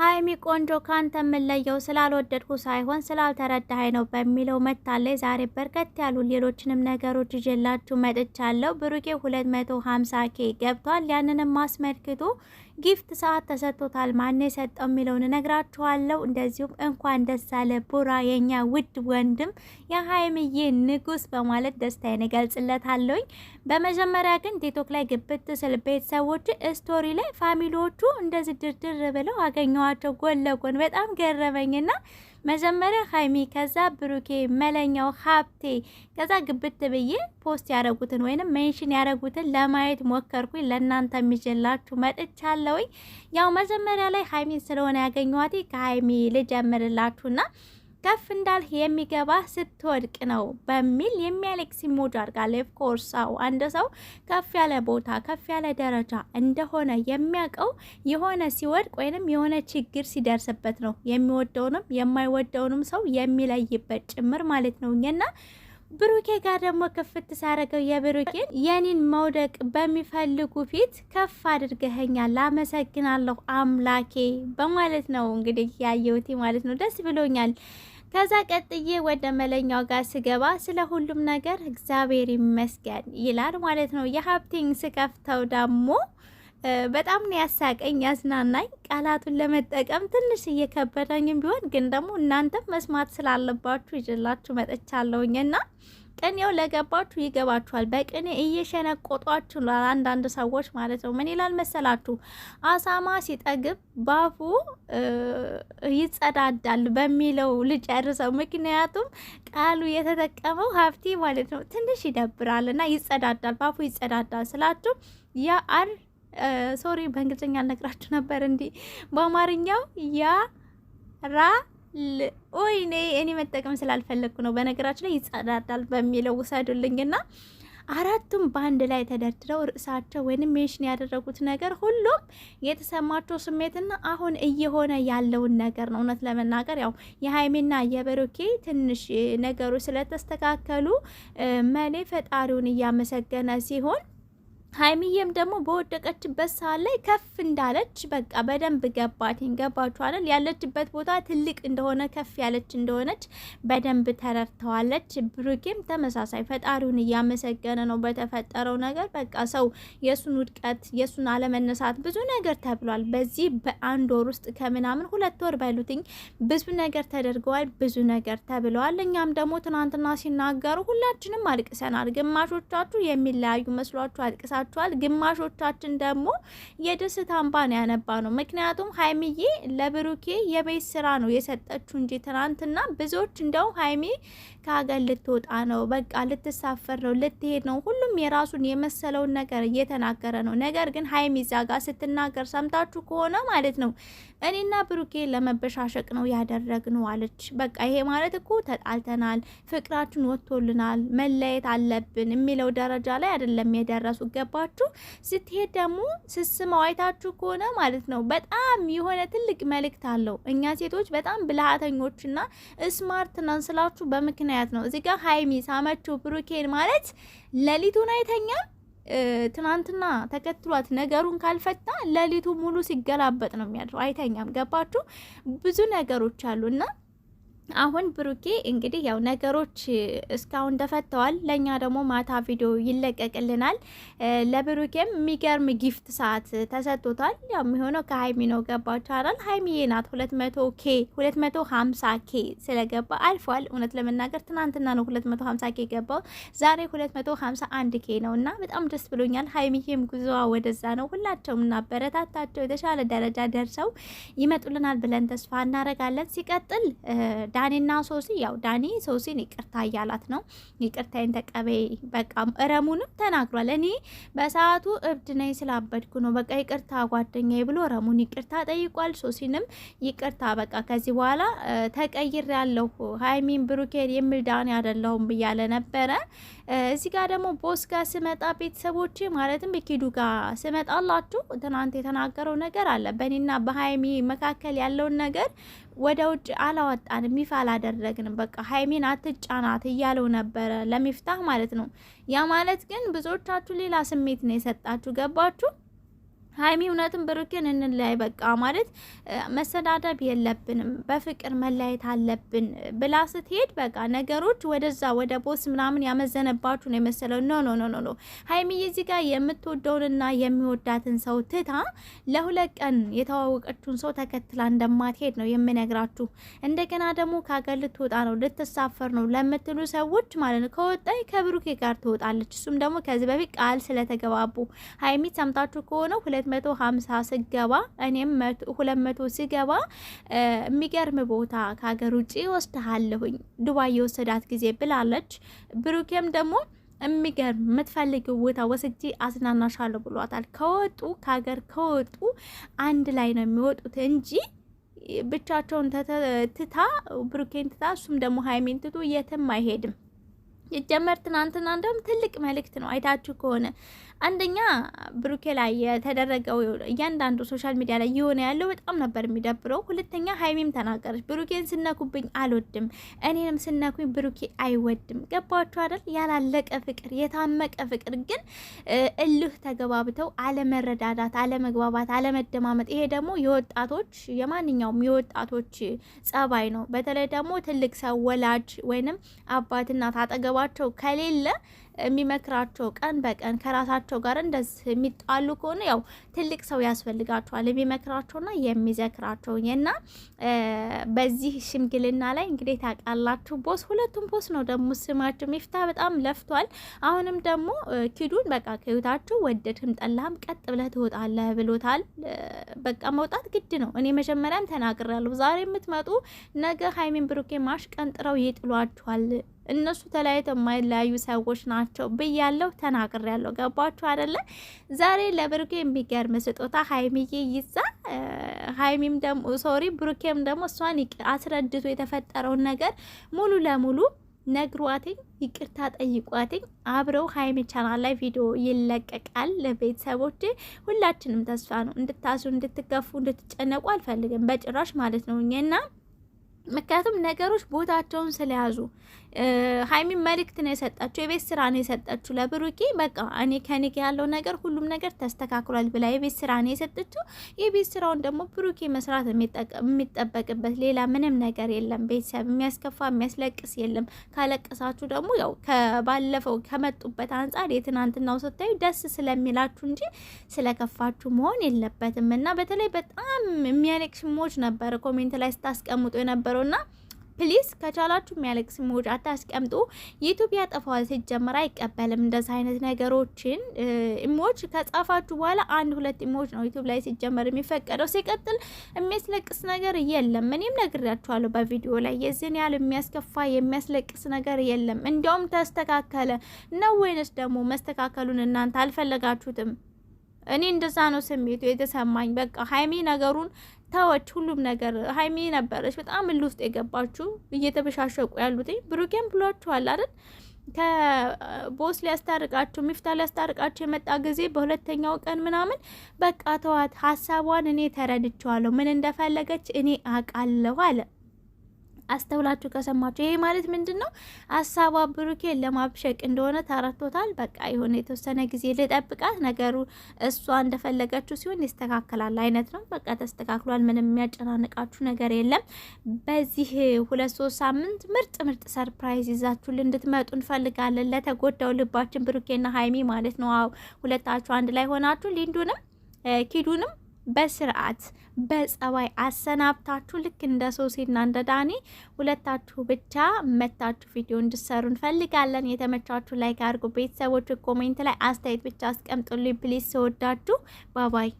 ሀይሚ ቆንጆ ካንተ የምለየው ስላልወደድኩ ሳይሆን ስላልተረዳሀይ ነው በሚለው መታለይ ዛሬ በርከት ያሉ ሌሎችንም ነገሮች ይዤላችሁ መጥቻለሁ። ብሩኬ ሁለት መቶ ሀምሳ ኬ ገብቷል። ያንንም አስመልክቶ ጊፍት ሰዓት ተሰጥቶታል። ማን የሰጠው የሚለውን እነግራችኋለሁ። እንደዚሁም እንኳን ደስ አለ ቡራ የኛ ውድ ወንድም የሀይምዬ ንጉስ በማለት ደስታዬን እገልጽለታለሁኝ። በመጀመሪያ ግን ቲክቶክ ላይ ግብት ስል ቤተሰቦች ስቶሪ ላይ ፋሚሊዎቹ እንደዚህ ድርድር ብለው አገኘዋቸው ጎን ለጎን በጣም ገረመኝና መጀመሪያ ሀይሚ፣ ከዛ ብሩኬ፣ መለኛው ሀብቴ፣ ከዛ ግብት ብዬ ፖስት ያረጉትን ወይንም ሜንሽን ያደረጉትን ለማየት ሞከርኩኝ። ለእናንተ የሚጀላችሁ መጥቻለሁኝ። ያው መጀመሪያ ላይ ሀይሚን ስለሆነ ያገኘኋት ከሀይሚ ልጀምርላችሁና ከፍ እንዳልህ የሚገባ ስትወድቅ ነው በሚል የሚያሌክስ ሙድ አድርጋል። ኦፍኮርስ አንድ ሰው ከፍ ያለ ቦታ ከፍ ያለ ደረጃ እንደሆነ የሚያውቀው የሆነ ሲወድቅ ወይንም የሆነ ችግር ሲደርስበት ነው የሚወደውንም የማይወደውንም ሰው የሚለይበት ጭምር ማለት ነው እና ብሩኬ ጋር ደግሞ ክፍት ሳረገው የብሩኬን የኔን መውደቅ በሚፈልጉ ፊት ከፍ አድርገኸኛል፣ አመሰግናለሁ አምላኬ በማለት ነው እንግዲህ ያየሁት ማለት ነው። ደስ ብሎኛል። ከዛ ቀጥዬ ወደ መለኛው ጋር ስገባ ስለ ሁሉም ነገር እግዚአብሔር ይመስገን ይላል ማለት ነው። የሀብቴን ስከፍተው ደግሞ በጣም ነው ያሳቀኝ ያዝናናኝ። ቃላቱን ለመጠቀም ትንሽ እየከበደኝም ቢሆን ግን ደግሞ እናንተም መስማት ስላለባችሁ ይዤላችሁ መጥቻለሁኝ እና ቅኔው ለገባችሁ ይገባችኋል። በቅኔ እየሸነቆጧችሁ አንዳንድ ሰዎች ማለት ነው። ምን ይላል መሰላችሁ? አሳማ ሲጠግብ ባፉ ይጸዳዳል በሚለው ልጨርሰው። ምክንያቱም ቃሉ የተጠቀመው ሀብቴ ማለት ነው። ትንሽ ይደብራል እና ይጸዳዳል፣ ባፉ ይጸዳዳል ስላችሁ ያ የአር ሶሪ በእንግሊዝኛ አልነግራችሁ ነበር። እንዲ በአማርኛው ያ ራ ኦይኔ እኔ መጠቀም ስላልፈለግኩ ነው። በነገራችን ላይ ይጸዳዳል በሚለው ውሰዱልኝና አራቱም በአንድ ላይ ተደርድረው ርዕሳቸው ወይም ሜሽን ያደረጉት ነገር ሁሉም የተሰማቸው ስሜትና አሁን እየሆነ ያለውን ነገር ነው። እውነት ለመናገር ያው የሀይሜና የበሮኬ ትንሽ ነገሮች ስለተስተካከሉ መሌ ፈጣሪውን እያመሰገነ ሲሆን ሀይሚዬም ደግሞ በወደቀችበት ሰዓት ላይ ከፍ እንዳለች በቃ በደንብ ገባትኝ። ገባችኋለን ያለችበት ቦታ ትልቅ እንደሆነ ከፍ ያለች እንደሆነች በደንብ ተረድተዋለች። ብሩኬም ተመሳሳይ ፈጣሪውን እያመሰገነ ነው በተፈጠረው ነገር። በቃ ሰው የእሱን ውድቀት የእሱን አለመነሳት ብዙ ነገር ተብሏል። በዚህ በአንድ ወር ውስጥ ከምናምን ሁለት ወር በሉትኝ ብዙ ነገር ተደርገዋል፣ ብዙ ነገር ተብለዋል። እኛም ደግሞ ትናንትና ሲናገሩ ሁላችንም አልቅሰናል። ግማሾቻችሁ የሚለያዩ መስሏችሁ አልቅሳ አይታችኋል። ግማሾቻችን ደግሞ የደስታ እንባ ነው ያነባ ነው። ምክንያቱም ሀይሚዬ ለብሩኬ የቤት ስራ ነው የሰጠችው እንጂ ትናንትና ብዙዎች እንደው ሀይሚ ከሀገር ልትወጣ ነው፣ በቃ ልትሳፈር ነው፣ ልትሄድ ነው። ሁሉም የራሱን የመሰለውን ነገር እየተናገረ ነው። ነገር ግን ሀይሚ እዛ ጋር ስትናገር ሰምታችሁ ከሆነ ማለት ነው እኔና ብሩኬ ለመበሻሸቅ ነው ያደረግነው አለች። በቃ ይሄ ማለት እኮ ተጣልተናል፣ ፍቅራችን ወጥቶልናል፣ መለየት አለብን የሚለው ደረጃ ላይ አይደለም የደረሱ ገባችሁ። ስትሄድ ደግሞ ስስመው አይታችሁ ከሆነ ማለት ነው በጣም የሆነ ትልቅ መልእክት አለው። እኛ ሴቶች በጣም ብልሃተኞችና ስማርት ነን ስላችሁ በምክንያት ምክንያት ነው። እዚህ ጋር ሀይሚ ሳመችው ብሩኬን ማለት ሌሊቱን አይተኛም። ትናንትና ተከትሏት ነገሩን ካልፈታ ለሊቱ ሙሉ ሲገላበጥ ነው የሚያድረው። አይተኛም። ገባችሁ? ብዙ ነገሮች አሉና አሁን ብሩኬ እንግዲህ ያው ነገሮች እስካሁን ተፈተዋል። ለእኛ ደግሞ ማታ ቪዲዮ ይለቀቅልናል። ለብሩኬም የሚገርም ጊፍት ሰዓት ተሰጥቶታል። ያው የሚሆነው ከሀይሚ ነው ገባው ቻናል ሀይሚዬ ናት። ሁለት መቶ ኬ ሁለት መቶ ሀምሳ ኬ ስለገባ አልፏል። እውነት ለመናገር ትናንትና ነው ሁለት መቶ ሀምሳ ኬ ገባው። ዛሬ ሁለት መቶ ሀምሳ አንድ ኬ ነው እና በጣም ደስ ብሎኛል። ሀይሚዬም ጉዞዋ ወደዛ ነው። ሁላቸውም እናበረታታቸው። የተሻለ ደረጃ ደርሰው ይመጡልናል ብለን ተስፋ እናደርጋለን። ሲቀጥል ዳኒና ሶሲ ያው ዳኒ ሶሲን ይቅርታ እያላት ነው። ይቅርታዬን ተቀበይ በቃ እረሙንም ተናግሯል። እኔ በሰዓቱ እብድ ነኝ ስላበድኩ ነው በቃ ይቅርታ ጓደኛ ብሎ እረሙን ይቅርታ ጠይቋል። ሶሲንም ይቅርታ በቃ ከዚህ በኋላ ተቀይር ያለሁ ሀይሚን ብሩኬን የሚል ዳኒ አደለሁም እያለ ነበረ። እዚህ ጋር ደግሞ ቦስ ጋር ስመጣ ቤተሰቦች ማለትም በኪዱ ጋር ስመጣላችሁ ትናንት የተናገረው ነገር አለ በእኔና በሀይሚ መካከል ያለውን ነገር ወደ ውጭ አላወጣንም፣ ይፋ አላደረግንም፣ በቃ ሀይሚን አትጫናት እያለው ነበረ ለሚፍታህ ማለት ነው። ያ ማለት ግን ብዙዎቻችሁ ሌላ ስሜት ነው የሰጣችሁ። ገባችሁ? ሀይሚ እውነትም ብሩኬን እንለያይ በቃ ማለት መሰዳደብ የለብንም በፍቅር መለያየት አለብን ብላ ስትሄድ በቃ ነገሮች ወደዛ ወደ ቦስ ምናምን ያመዘነባችሁ ነው የመሰለው። ኖ ኖ ኖ ኖ ኖ ሀይሚ እዚህ ጋር የምትወደውንና የሚወዳትን ሰው ትታ ለሁለት ቀን የተዋወቀችውን ሰው ተከትላ እንደማትሄድ ነው የምነግራችሁ። እንደገና ደግሞ ከሀገር ልትወጣ ነው ልትሳፈር ነው ለምትሉ ሰዎች ማለት ነው ከወጣኝ ከብሩኬ ጋር ትወጣለች። እሱም ደግሞ ከዚህ በፊት ቃል ስለተገባቡ ሀይሚ ሰምታችሁ ከሆነ ሁለት 250 ስገባ እኔም 200 ስገባ የሚገርም ቦታ ከሀገር ውጭ ወስድሃለሁኝ ዱባይ የወሰዳት ጊዜ ብላለች። ብሩኬም ደግሞ የሚገርም የምትፈልጊው ቦታ ወስጄ አዝናናሻለሁ ብሏታል። ከወጡ ከሀገር ከወጡ አንድ ላይ ነው የሚወጡት እንጂ ብቻቸውን ትታ ብሩኬን ትታ እሱም ደግሞ ሀይሜን ትቶ የትም አይሄድም። ይጀመር ትናንትና እንደውም ትልቅ መልእክት ነው አይታችሁ ከሆነ አንደኛ ብሩኬ ላይ የተደረገው እያንዳንዱ ሶሻል ሚዲያ ላይ የሆነ ያለው በጣም ነበር የሚደብረው። ሁለተኛ ሀይሚም ተናገረች፣ ብሩኬን ስነኩብኝ አልወድም፣ እኔንም ስነኩኝ ብሩኬ አይወድም። ገባችሁ አይደል? ያላለቀ ፍቅር፣ የታመቀ ፍቅር ግን እልህ ተገባብተው አለመረዳዳት፣ አለመግባባት፣ አለመደማመጥ። ይሄ ደግሞ የወጣቶች የማንኛውም የወጣቶች ጸባይ ነው። በተለይ ደግሞ ትልቅ ሰው ወላጅ ወይንም አባት እናት አጠገባቸው ከሌለ የሚመክራቸው ቀን በቀን ከራሳቸው ጋር እንደዚህ የሚጣሉ ከሆነ ያው ትልቅ ሰው ያስፈልጋቸዋል፣ የሚመክራቸውና የሚዘክራቸው እና በዚህ ሽምግልና ላይ እንግዲህ ታውቃላችሁ ቦስ ሁለቱም ቦስ ነው ደግሞ ስማቸው ሚፍታ በጣም ለፍቷል። አሁንም ደግሞ ኪዱን በቃ ከህይወታችሁ ወደድህም ጠላህም ቀጥ ብለህ ትወጣለህ ብሎታል። በቃ መውጣት ግድ ነው። እኔ መጀመሪያም ተናግሬያለሁ። ዛሬ የምትመጡ ነገ ሀይሚን ብሩኬ ማሽቀንጥረው ይጥሏችኋል። እነሱ ተለያይተው የማይለያዩ ሰዎች ናቸው ብያለሁ፣ ተናግሬያለሁ። ገባችሁ አይደለ? ዛሬ ለብሩኬ የሚገርም ስጦታ ሀይሚዬ ይዛ ሀይሚም ደግሞ ሶሪ ብሩኬም ደግሞ እሷን አስረድቶ የተፈጠረውን ነገር ሙሉ ለሙሉ ነግሯትኝ ይቅርታ ጠይቋትኝ አብረው ሀይሚ ቻናል ላይ ቪዲዮ ይለቀቃል። ለቤተሰቦች ሁላችንም ተስፋ ነው። እንድታሱ፣ እንድትገፉ፣ እንድትጨነቁ አልፈልግም በጭራሽ ማለት ነው እና ምክንያቱም ነገሮች ቦታቸውን ስለያዙ ሀይሚን መልእክት ነው የሰጣችሁ፣ የቤት ስራ ነው የሰጣችሁ ለብሩኬ። በቃ እኔ ከኔ ያለው ነገር ሁሉም ነገር ተስተካክሏል ብላ የቤት ስራ ነው የሰጠችው። የቤት ስራውን ደግሞ ብሩኬ መስራት የሚጠበቅበት ሌላ ምንም ነገር የለም። ቤተሰብ የሚያስከፋ የሚያስለቅስ የለም። ካለቀሳችሁ ደግሞ ያው ከባለፈው ከመጡበት አንጻር የትናንትናው ስታዩ ደስ ስለሚላችሁ እንጂ ስለከፋችሁ መሆን የለበትም እና በተለይ በጣም የሚያለቅሽሞች ነበር ኮሜንት ላይ ስታስቀምጡ የነበረው ና ፕሊስ ከቻላችሁ የሚያለቅስ ሞጅ አታስቀምጡ። ዩቱብ ያጠፋዋል፣ ሲጀመር አይቀበልም እንደዚህ አይነት ነገሮችን። ኢሞጅ ከጻፋችሁ በኋላ አንድ ሁለት ኢሞች ነው ዩቱብ ላይ ሲጀመር የሚፈቀደው። ሲቀጥል የሚያስለቅስ ነገር የለም። እኔም ነግሬያችኋለሁ በቪዲዮ ላይ የዚህን ያህል የሚያስከፋ የሚያስለቅስ ነገር የለም። እንዲያውም ተስተካከለ ነው ወይንስ ደግሞ መስተካከሉን እናንተ አልፈለጋችሁትም? እኔ እንደዛ ነው ስሜቱ የተሰማኝ። በቃ ሀይሚ ነገሩን ተወች። ሁሉም ነገር ሀይሚ ነበረች በጣም እል ውስጥ የገባችሁ እየተበሻሸቁ ያሉት ብሩኬን ብሏችኋል አይደል? ከቦስ ሊያስታርቃችሁ ሚፍታ ሊያስታርቃችሁ የመጣ ጊዜ በሁለተኛው ቀን ምናምን በቃ ተዋት፣ ሀሳቧን እኔ ተረድቸዋለሁ፣ ምን እንደፈለገች እኔ አውቃለሁ አለ። አስተውላችሁ ከሰማችሁ ይሄ ማለት ምንድን ነው? ሀሳቧ ብሩኬን ለማብሸቅ እንደሆነ ተረቶታል በቃ የሆነ የተወሰነ ጊዜ ልጠብቃት፣ ነገሩ እሷ እንደፈለገችው ሲሆን ይስተካከላል አይነት ነው። በቃ ተስተካክሏል። ምንም የሚያጨናንቃችሁ ነገር የለም። በዚህ ሁለት ሶስት ሳምንት ምርጥ ምርጥ ሰርፕራይዝ ይዛችሁ እንድትመጡ እንፈልጋለን። ለተጎዳው ልባችን ብሩኬና ሀይሚ ማለት ነው። ሁለታችሁ አንድ ላይ ሆናችሁ ሊንዱንም ኪዱንም በስርዓት በጸባይ አሰናብታችሁ ልክ እንደ ሶሲና እንደ ዳኒ ሁለታችሁ ብቻ መታችሁ ቪዲዮ እንድሰሩ እንፈልጋለን። የተመቻችሁ ላይክ አድርጉ። ቤተሰቦች ኮሜንት ላይ አስተያየት ብቻ አስቀምጡልኝ ፕሊዝ። ስወዳችሁ ባባይ